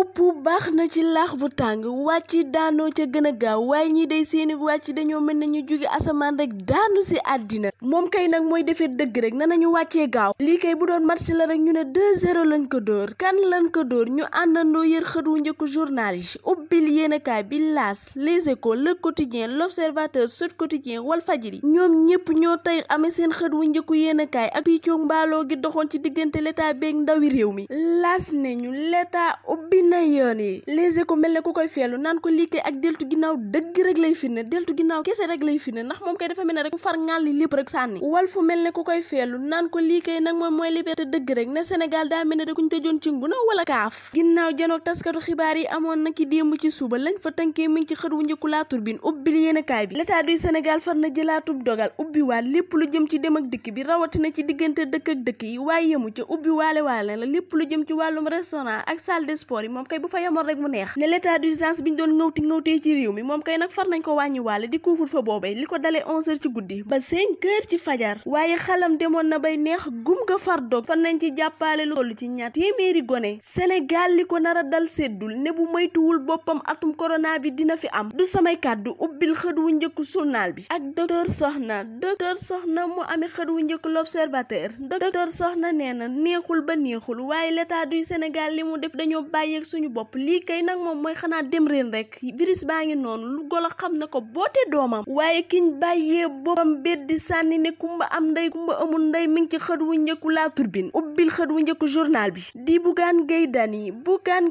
upp baax na ci laax bu tàng wàcc daanoo ca gën a gaaw waaye ñii day seeni wàcc dañoo mën nañu jóge asamaan rek daanu si àddina moom kay nag mooy defee dëgg rek na nañu wàccee gaaw lii bu doon match la rek ñu ne 2-0 lañ ko dóor kan lañ ko dóor ñu àndandoo yër xët wu njëkk journal yi pile yéenekaay bi laas Les Échos Le Quotidien L'Observateur Sud Quotidien Walfadjri ñoom ñëpp ñoo tey amee seen xët wu njëkku yéenekaay ak piicoo mbaaloo gi doxoon ci diggante l'état beeg ndawi réew mi laas ne ñu l'état ubbi na yoon yi Les Échos mel ne ku koy feelu naan ko liikee ak deltu ginnaaw dëgg rek lay firnde deltu ginnaaw kese rek lay firnde ndax moom kay dafa mel ne rek ku li lépp rek sànni Walfu mel ne ku koy feelu naan ko liikee nag moom mooy liberté dëgg rek ne Sénégal daa mel ne da kuñ tëjoon ci nguna wala kaaf ginnaaw janoog taskatu xibaar yi amoon na ki démb ci suba lañ fa tënkee mi ci xët wu njëkku laa turbine ubbil yéenekaay bi l'état du Sénégal far na jëlaatub dogal ubbi waat lépp lu jëm ci dem ak dikk bi rawatina ci diggante dëkk ak dëkk yi waaye yemu ca ubbi waale waale la lépp lu jëm ci wàllum restaurant ak salle de sport yi moom kay bu fa yemoon rek mu neex ne l'état d'urgence bi ñu doon ngawti ngawtee ci réew mi moom kay nag far nañ ko wàññi waale di couvre-feu boobee li ko dalee 11h ci guddi ba 5h ci fajar waaye xalam demoon na bay neex gum nga far dog far nañ ci jàppaale lu toll ci ñaar téeméeri gone Sénégal li ko nar a dal seddul ne bu moytuwul bopp boppam atum corona bi dina fi am du samay kàddu ubbil xët wu njëkku journal bi ak docteur Soxna docteur Soxna mu amee xët wu njëkk l'observateur docteur Soxna nee na neexul ba neexul waaye l'état du Sénégal li mu def dañoo bàyyeeg suñu bopp lii kay nag moom mooy xanaa dem reen rek virus baa ngi noonu lu golo xam ne ko boote doomam waaye kiñ bàyyee boppam beddi sànni ne kumba am ndey kumba amul ndey mi ngi ci xët wu njëkku laa turbine ubbil xët wu njëkku journal bi di Bougane Gueye Dany Bougane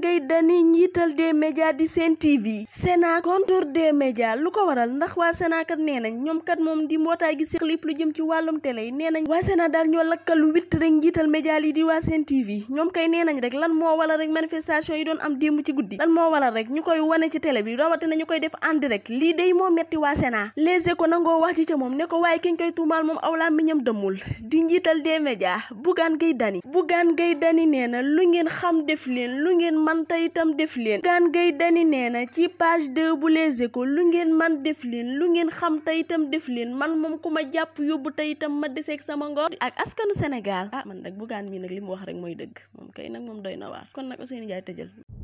njiital des médias di seen TV Sénat contour des médias lu ko waral ndax waa Sénat kat nee nañ ñoom kat moom di mbootaay gi séq lépp lu jëm ci wàllum télé yi nee nañ waa Sénat daal ñoo lakkalu witt rek njiital média lii di waa seen TV ñoom kay nee nañ rek lan moo waral rek manifestation yi doon am démb ci guddi lan moo waral rek ñu koy wane ci télé bi rawatina ñu koy def en direct lii day moo metti waa Sénat Les Échos moom ne ko waaye kiñ koy tuumaal moom aw laa miñam dëmmul di njiital des médias Bougane Gueye Dany Bougane Gueye Dany nee na lu ngeen xam def leen lu ngeen man tey itam def leen Diané nee na ci page 2 bu Les Échos lu ngeen man def leen lu ngeen xam tey itam def leen man moom ku ma jàpp yóbbu te itam ma deseeg sama ngor ak askanu Sénégal ah man nag bugaan mii nag li mu wax rek mooy dëgg moom kay nag moom doy na waar kon nag Ousseynou Ndiaye tëjal